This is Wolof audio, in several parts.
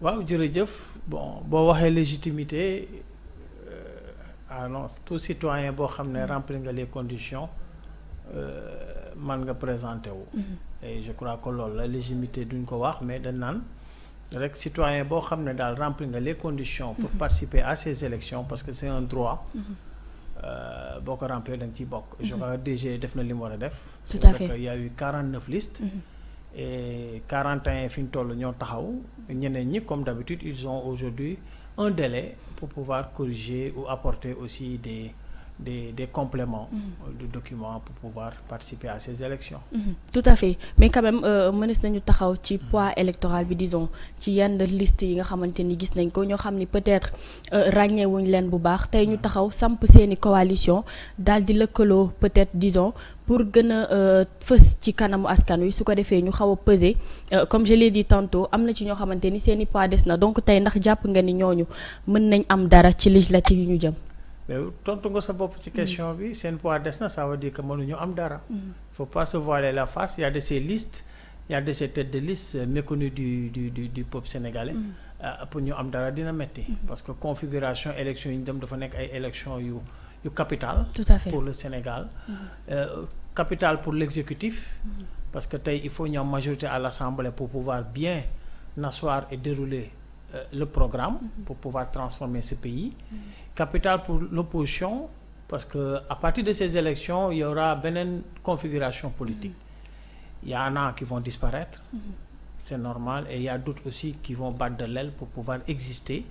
waaw jërëjëf bon boo waxee légitimité euh, ah non tout citoyen boo xam ne mm-hmm. remplir nga les conditions euh, man nga présenté wu. Mm-hmm. je crois que loolu la légitimité duñ ko wax mais dañ naan rek citoyen boo xam ne daal remplir nga les conditions. pour mm-hmm. participer à ces élections parce que c'est un droit. Euh, boo ko remplir da nga ciy bokk. je crois que def na li mu war a def. tout à fait il y a et 41 fi ñu toll ñoo taxaw ñeneen ñi comme d'habitude ils ont aujourd'hui un délai pour pouvoir corriger ou apporter aussi des des des compléments. Euh, de documents pour pouvoir participer à ces élections. Mhm. tout à fait mais quand même euh, mënees nañu taxaw ci poids électoral bi disons ci yenn liste yi nga xamante ni gis nañ ko ñoo xam ni peut-être euh, ràññeewuñ leen bu baax tey ñu taxaw samp seeni coalition daal di lëkkaloo peut-être disons. pour gën a fës ci kanamu askan wi su ko defee ñu xaw a peser comme je l'ai dit tantôt am na ci ñoo xamante ni seeni poids des na donc tey ndax jàpp nga ni ñooñu mën nañ am dara ci législative yi ñu jëm mais tontu nga sa bopp ci mm. question bi seen poids des na ça veut dire que mënuñu am dara. Mm. faut pas se la face il y a de ces listes il y a de ces têtes de liste méconnues du du du du peuple mm. euh, pour ñu am dara dina metti mm-hmm. parce que configuration élection yi ñu dem dafa nekk ay élection yu yu capital. tout pour le Sénégal. Mm-hmm. Euh, capital pour l'exécutif. Mm-hmm. parce que tey il faut ñu am majorité à l'Assemblée pour pouvoir bien n'asseoir et dérouler. Euh, le programme pour pouvoir transformer ce pays. Capital pour l'opposition parce que à partir de ces élections il y aura beneen configuration politique. Il y en a qui vont disparaître. C'est normal et il y a d'autres aussi qui vont battre de l'aile pour pouvoir exister.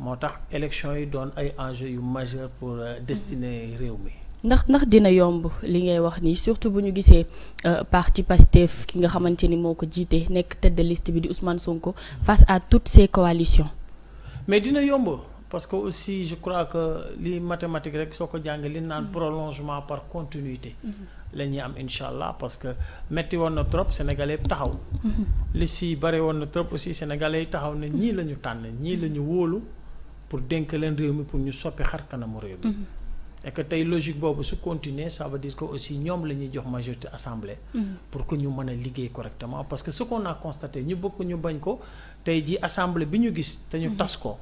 moo tax élections yi doon ay enjeux yu majeur pour euh, destiner réew mi. ndax ndax dina yomb li ngay wax nii surtout bu ñu gisee euh, parti Pastef ki nga xamante ni moo ko jiite nekk tête de liste bi di Ousmane Sonko face à toutes ces coalitions. mais dina yomb parce que aussi je crois que li mathématique rek soo ko jàng li naan mm-hmm. prolongement par continuité. Mm-hmm. la ñuy am incha allah parce que metti woon na trop sénégalais taxaw. Mm-hmm. li si bari woon na trop aussi sénégalais taxaw na ñii la ñu tànn ñii la ñu wóolu pour denk leen réew mi pour ñu soppi xar kanamu réew mi. et que tey logique boobu su continuer ça veut dire que aussi ñoom la ñuy jox majorité assemblée. Mm-hmm. pour que ñu mën a liggéey correctement parce que ce qu'on a constaté ñu bëgg ñu bañ ko tey ji assemblée bi ñu gis. te ñu mm-hmm. tas ko.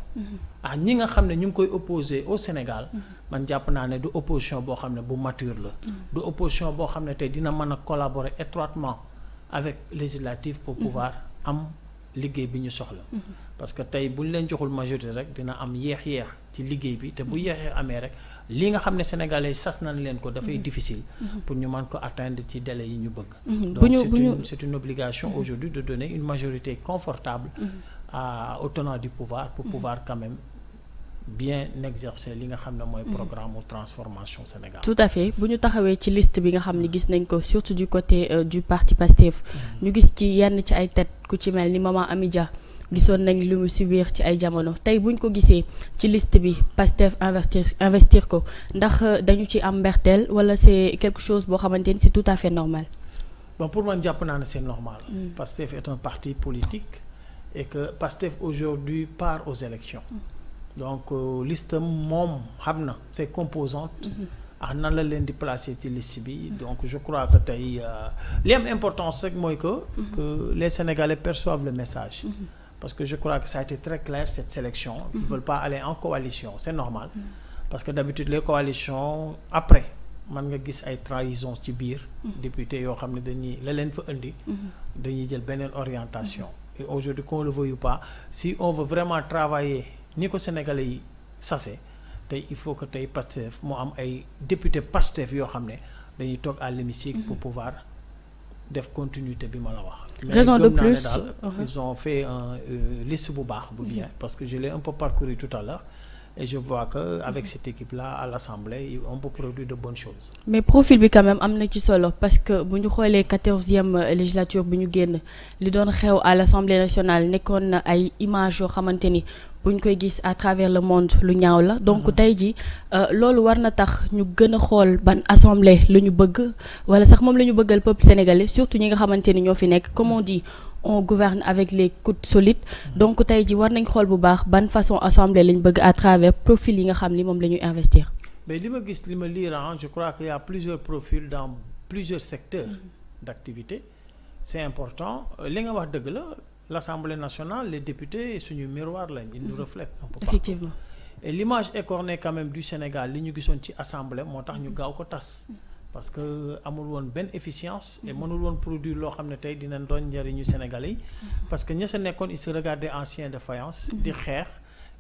ah ñi nga xam ne ñu ngi koy opposé au Sénégal. man jàpp naa ne du opposition boo xam ne bu mature la. du opposition boo xam ne tey dina mën a collaborer étroitement avec législatif pour pouvoir am liggéey bi ñu soxla. parce que tey bu ñu leen joxul majorité rek dina am yéex-yéex ci liggéey bi te bu yéexee amee rek. lii nga xam ne sénégalais sas nañ leen ko dafay mhm. difficile mhm. pour ñu man ko atteindre ci délai yi ñu bëgg mhm. donc ñu une obligation aujourd'hui de donner une majorité confortable à au tenant du pouvoir pour pouvoir quand même bien exercer li nga xam ne mooy programme transformation Sénégal. tout à fait bu ñu taxawee ci liste bi nga xam ne gis nañ ko surtout du côté euh, du parti PASTEF ñu gis ci yenn ci ay tête ku ci mel ni maman ami Dia gisoon nañ li mu subir ci ay jamono tey buñ ko gisee ci liste bi Pastef investir investir ko ndax euh, dañu ci am mberteel wala c'est quelque chose boo xamante ni c'est tout à fait normal. bon pour man jàpp naa ne c'est normal. Mm. Pastef est un parti politique et que Pastef aujourd'hui part aux élections mm. donc euh, liste moom xam na ses composantes. Mm-hmm. ax ah, nan la leen di placer ci liste bi. Mm. donc je crois que tey euh, li am importance rek mooy que. Mm-hmm. que les Sénégalais perçoivent message. Mm parce que je crois que ça a été très clair cette sélection. ils ne mhm. veulent pas aller en coalition c'est normal. Mhm. parce que d'habitude les coalitions après man nga gis ay trahison ci biir. Mhm. député yoo xam ne dañuy la fa indi. dañuy jël beneen orientation. et aujourd'hui qu'on le veuille si on veut vraiment travailler ni ko sénégalais yi sase tey il faut que tey Pastef moo am ay député Pastef yoo xam ne dañuy toog à l'hémicycle pour pouvoir def continuité bi ma la wax. raison de plus uh-huh. ils ont fait euh, liste bu baax bu bien mm-hmm. parce que je l'ai un peu parcouru tout à l'heure et je vois que mm-hmm. avec cette équipe là à l'assemblée on peut produire de bonnes choses mais profil bi quand même am na ci solo parce que bu ñu xoolee quatorzième législature bu ñu génn li doon xew à l'assemblée nationale nekkoon na ay images yoo xamante ni bu ñu koy gis à travers le monde lu ñaaw la donc mm-hmm. tey ji euh, loolu war na tax ñu gën a xool ban assemblée la ñu bëgg wala sax moom la ñu bëggal peuple sénégalais surtout ñi nga xamante ni ñoo fi nekk comme on dit on gouverne avec les coudes solides mm-hmm. donc tey ji war nañ xool bu baax ban façon assemblée lañ bëgg à travers profil yi nga xam ni moom la ñuy investir mais li ma gis li ma lire je crois qu'il y a plusieurs profils dans plusieurs secteurs mm-hmm. d'activité c'est important euh, li nga wax dëgg la l'Assemblée nationale les députés suñu miroir lañ ils mhm. effectivement l'image écornée ne même du Sénégal li ñu gisoon ci assemblée moo tax ñu mhm. gaaw ko tas mhm. parce que amul woon benn efficience et mënul woon produit loo xam ne tey dina doon njëriñu sénégal yi parce que ña sa nekkoon ils se regardaient anciens de faïence di xeex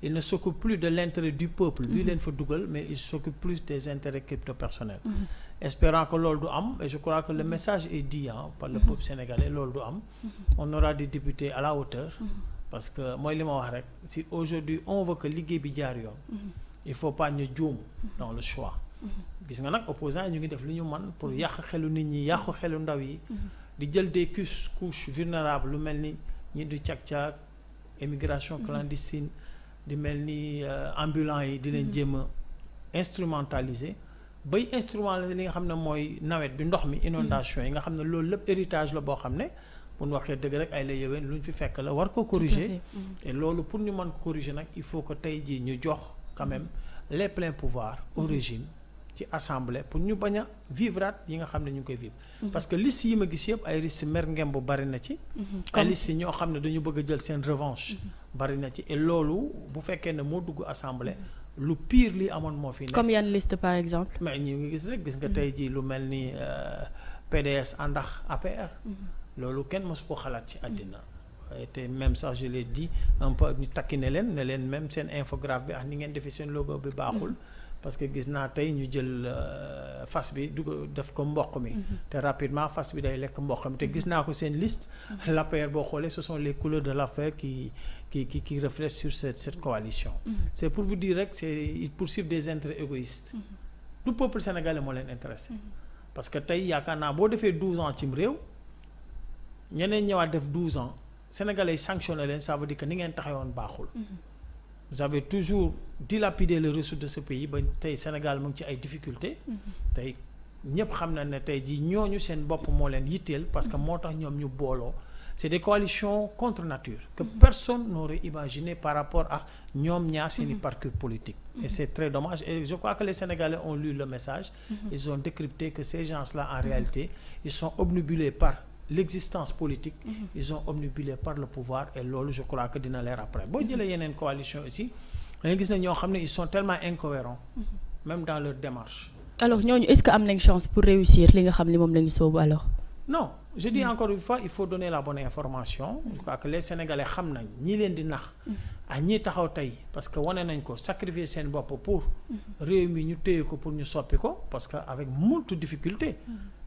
il ne s'occupe plus de l'intérêt du peuple lui mhm. leen fa dugal mais il s'occupe plus des intérêts crypto personnels mhm. espérant que loolu du am et je crois que le mhm. message est dit hein, par le peuple sénégalais loolu du am on aura des députés à la hauteur parce que mooy li ma wax rek si aujourd'hui on veut que liggéey bi jaar yoon il faut pas ñu juum dans le choix gis nga nag opposants yi ñu ngi def lu ñu man pour yàq xelu nit ñi yàqu xelu ndaw yi di jël des couches couches vulnérables lu mel ni ñi di cag-cag émigration clandestine di mel ni euh, ambulants yi dina mm-hmm. jéem a instrumentaliser bay instrumentaliser li nga xam ne mooy nawet bi ndox mi mm-hmm. inondation yi nga xam ne loolu lépp héritage la boo xam ne bu waxee dëgg rek ay la yeween lu ñu fi fekk la war ko corriger mm-hmm. et loolu pour ñu mën ko corriger nag il faut que tey jii ñu jox quand même les pleins pouvoirs ci assemblée pour ñu bañ a vivre yi nga xam ne ñu ngi koy vivre. parce que liste yi ma gis yëpp ay liste mer ngem bu bari na ci. ay liste ñoo xam ne dañu bëgg jël seen revanche. bari na ci et loolu bu fekkee ne moo dugg assemblée lu pire li amoon moo fi nekk. comme yan liste par exemple. mais ñu ngi gis rek gis nga mm-hmm. tey jii lu mel ni euh, PDS àndax APR. Mm-hmm. loolu kenn mosu ko xalaat ci àddina. te même sax je di dit un ñu takkine leen ne leen même seen infographe bi ak ni ngeen defee seen logo bi baaxul. Mm-hmm. parce gis naa tey ñu jël. Euh, fas bi du ko def ko mboq mi mhm. te rapidement fas bi day lekk mboq mi te gis mhm. naa ko seen liste mhm. l'APR boo xoolee ce sont les couleurs de l'APR qui qui qui qui reflètent sur cette cette coalition c'est pour vous dire rek c'est ils poursuivent des intérêts égoïstes du peuple sénégalais moo leen intéressé parce que tey yaakaar naa boo defee douze ans cim réew ñeneen ñëwaat def douze ans sénégalais yi sanctionné leen ça veut que ni ngeen taxawoon baaxul j'avais toujours dilapidé le ressources de ce pays ba tey Sénégal mu ngi ci ay difficultés. Mhm. tey ñëpp xam na ne tey jii ñooñu seen bopp moo leen yitteel parce que moo tax ñoom ñu booloo c'est des coalitions contre nature que mhm. personne n'aurait imaginé par rapport à ñoom ñaar seeni mhm. parcours politique et c'est très dommage et je crois que les Sénégalais ont lu le message ils ont décrypté que ces gens-là en réalité ils sont obnubilés par l'existence politique mm -hmm. ils sont obnubilés par le pouvoir et loolu je crois que dina leer après boo mhm. jëlee yeneen coalition aussi da gis ne ñoo xam ne ils sont tellement incohérents mm -hmm. même dans leur démarche alors ñooñu est-ce que am nañ chance pour réussir li nga xam ni moom la ñu soobu alors non je dis mm. encore une fois il faut donner la bonne information. Mm. je crois que les sénégalais xam nañ ñi leen di nax. ah ñi taxaw tey parce que wane nañ ko sacrifier seen bopp pour. réew mi ñu téye ko pour ñu soppi ko parce que avec moult difficulté.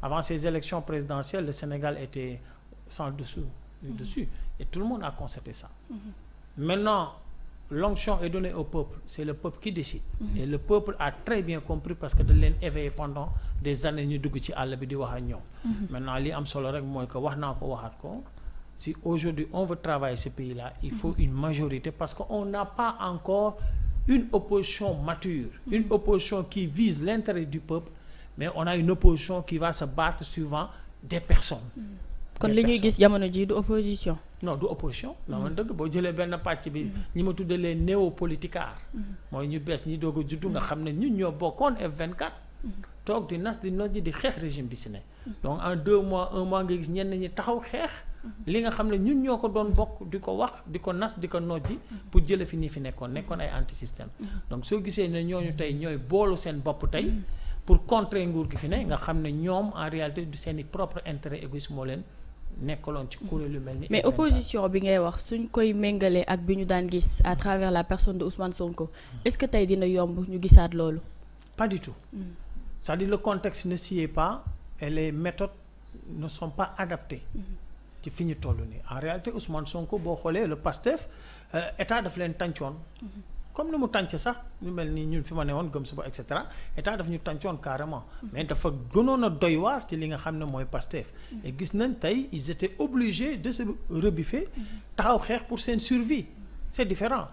avant ces élections présidentielles le Sénégal était sans dessous. dessus et tout le monde a constaté ça. Mm-hmm. maintenant. l'onction est donnée au peuple c'est le peuple qui décide mhm. et le peuple a très bien compris parce que dañ leen éveillé pendant des années ñu dugg ci àll bi di wax ak ñoom mhm. maintenant li am solo rek mooy que wax naa ko waxaat ko si aujourd'hui on veut travailler ce pays là il mhm. faut une majorité parce que on n'a pas encore une opposition mature une opposition qui vise l'intérêt du peuple mais on a une opposition qui va se battre suivant des personnes kon li ñuy gis jamono ji du opposition non du opposition. non mm-hmm. man dëgg boo jëlee benn pàcc bi. Mm-hmm. ñi ma tuddee les néopoliticards. Mm-hmm. mooy ñu bees ñi doog a juddu nga xam ne ñun ñoo bokkoon vingt 24 toog di nas di nojji di xeex régime bi si ne. donc en deux mois un mois nga gis ñenn ñi taxaw xeex. li nga xam ne ñun ñoo ko doon bokk di ko wax di ko nas di ko nojji. pour jëlee fi nii fi nekkoon nekkoon ay anti système. donc soo gisee ne ñooñu tey ñooy boolu seen bopp tey. pour contrer nguur gi fi ne nga xam ne ñoom en réalité du seen i propre intérêt égoïste leen. nekkaloon ci kuréel lu mel ni. mais opposition bi ngay wax suñ koy méngalee ak bi ñu daan gis à travers la personne de Ousmane Sonko mm. est-ce que tey dina yomb ñu gisaat loolu. pas du tout. Mm. cest dire le contexte ne s'y pas et les méthodes ne sont pas adaptées. Mm-hmm. ci fi ñu toll nii en réalité Ousmane Sonko boo xoolee le PASTEF euh, état daf leen tàncoon. Mm-hmm. comme ni mu tànc sax ñu mel nii ñun fi ma ne woon gëm suba et cetera état daf ñu tàncoon carrément mm-hmm. mais dafa gënoon a doy waar ci li nga xam ne mooy Pastef mm-hmm. et gis nañ tey ils étaient obligés de se rebiffer mm-hmm. taxaw xeex pour seen survie c'est différent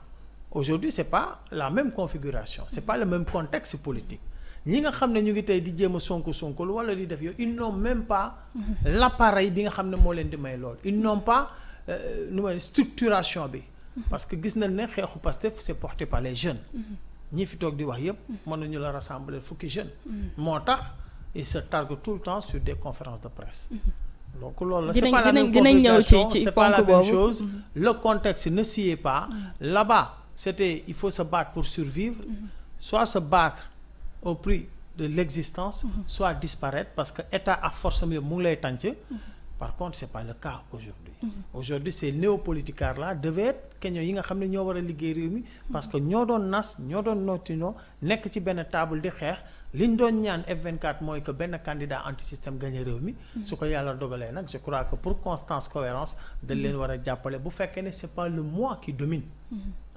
aujourd'hui c'est pas la même configuration c'est pas le même contexte politique ñi nga xam ne ñu ngi tey di jéem a sonko sonkol wala di def yooyu ils n'ont même pas l'appareil bi nga xam ne moo leen di may lool ils n'ont pas euh, nu ma structuration bi parce que gis nañ ne xeexu Pastef c'est porté par les jeunes. Mhm. ñi fi toog di wax yëpp. Mhm. mënuñu la rassembler fukki jeunes. Mhm. moo tax ils sa targuent tout le temps sur des conférences de presse. donc loolu la c'est pas la même configuration c'est pas la le contexte ne est pas là-bas c'était il faut se battre pour survivre soit se battre au prix de l'existence soit disparaître parce que état à force mu ngi lay tànc par contre c'est pas le cas aujourd'hui mhm. aujourd'hui ces néopoliticards là keño yi nga xam ne ñoo war a liggéey réew mi mhm. parce que ñoo doon nas ñoo doon nootinoo nekk ci benn table di xeex liñ doon ñaan F24 mooy que benn candidat antisystème gagné réew mi mhm. su ko yàlla dogalee nag je crois que pour constance cohérence dañ leen war a jàppale bu fekkee ne c'est pas le moi qui domine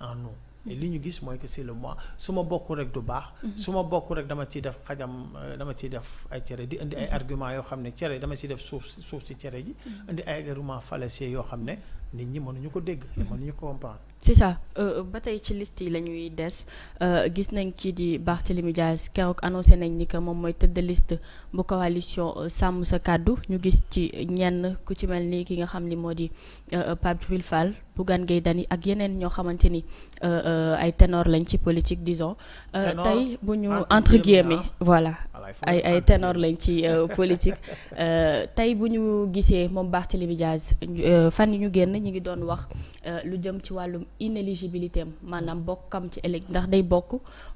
en nous et li ñu gis mooy que c'est le mois su ma bokk rek du baax. Mm-hmm. su ma bokk rek dama ciy def xajam dama ciy def ay cere di indi ay mm-hmm. argument yoo xam ne cere dama ci def suuf suuf si cere ji. Mm-hmm. indi ay argument fallacieux yoo xam ne. nit ñi ñu ko dégg. Mhm. mënuñu ko comprendre. c'est ça euh, euh, ba tey ci liste yi la ñuy des euh, gis nañ kii di baax Barthélémy Dias keroog annoncé nañ ni moom mooy tëdd liste bu coalition sàmm sa kàddu ñu gis ci ñenn ku ci mel ni ki nga xam ni moo di Pape Djibril Fall Bougane Gueye Dany ak yeneen ñoo xamante ni ay ténor lañ ci politique disons. tey bu ñu entre guillemets voilà. ay ay lañ ci politique tey bu ñu gisee moom Barthélémy Dias fan yi ñu génn. ñu ngi doon wax euh, lu jëm ci wàllum inéligibilité am maanaam bokkam ci élect ndax day bokk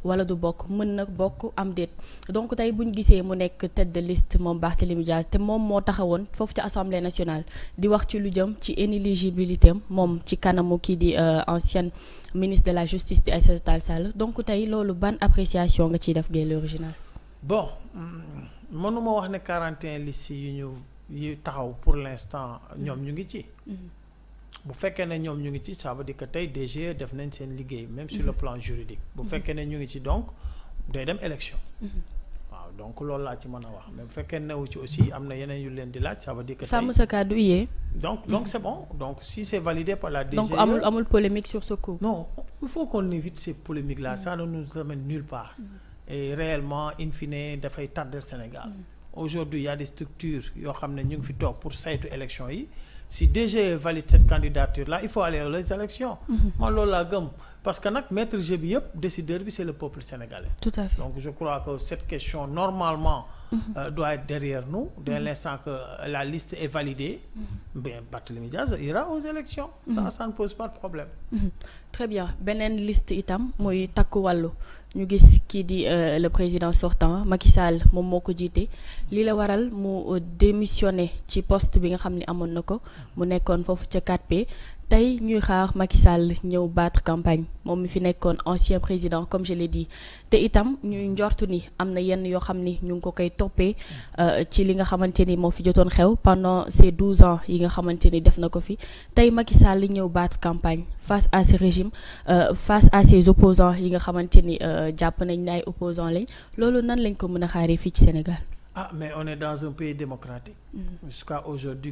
wala du bokk mën na bokk am déet donc tey bu ñu gisee mu nekk tête de liste moom Barthélémy Dias te moom moo taxawoon foofu ci assemblée nationale di wax ci lu jëm ci inéligibilité am moom ci kanamu kii di euh, ancienne ministre de la justice di Aïssata Tall Sall donc tey loolu ban appréciation nga ciy def gay l'original bon mm, mënuma wax ne 41 list yu ñu yu taxaw pour l'instant bu fekkee ne ñoom ñu ngi ci ça dikk dire que tey DGE def nañ seen liggéey même sur le plan juridique bu mhm. fekkee ne ñu ngi ci donc day dem élection mhm. waaw donc loolu laa ci mën a wax mais bu fekkee newu ci aussi am na yeneen yu leen di laaj ça veut dire que sàmm sa kàddu yee donc donc donc si c'est validé par la DGE donc amul amul polémique sur ce coup non il faut qu'on évite ces polémiques là mhm. ça ne nous amène nulle part et réellement in fine dafay tardel Sénégal aujourd'hui il y a yoo xam ne ñu ngi fi toog pour saytu élection yi si DG valide cette candidature là il faut aller aux élections mhm. man loolu laa gëm parce que nag maître jeu bi yëpp décideur bi c'est le peuple sénégalais tout à fait donc je crois que cette question normalement mhm. euh, doit être derrière nous dès mhm. l'instant que euh, la liste est validée bien Barthélémy Diaz ira aux élections ça ça ne pose pas de problème très bien beneen liste itam mooy takku wàllu ñu gis kii di euh, le président sortant Macky Sall moom moo ko jiite lii la waral mu euh, démissionné ci poste bi nga xam ni amoon na ko mu nekkoon foofu ca 4P tey ñuy xaar Macky Sall ñëw battre campagne moom mu fi nekkoon ancien président comme je l'ai dit te itam ñuy njortu ni am na yenn yoo xam ni ñu ngi ko koy toppee euh, ci li nga xamante ni moo fi jotoon xew pendant ces douze ans yi nga xamante ni def na ko fi tey Macky Sall ñëw battre campagne face à ce régime euh, face à ses opposants yi nga xamante ni euh, jàpp nañ ne ay opposants lañ loolu nan lañ ko mën a xaaree fii ci Sénégal. ah mais on est dans un pays démocratique. Mm.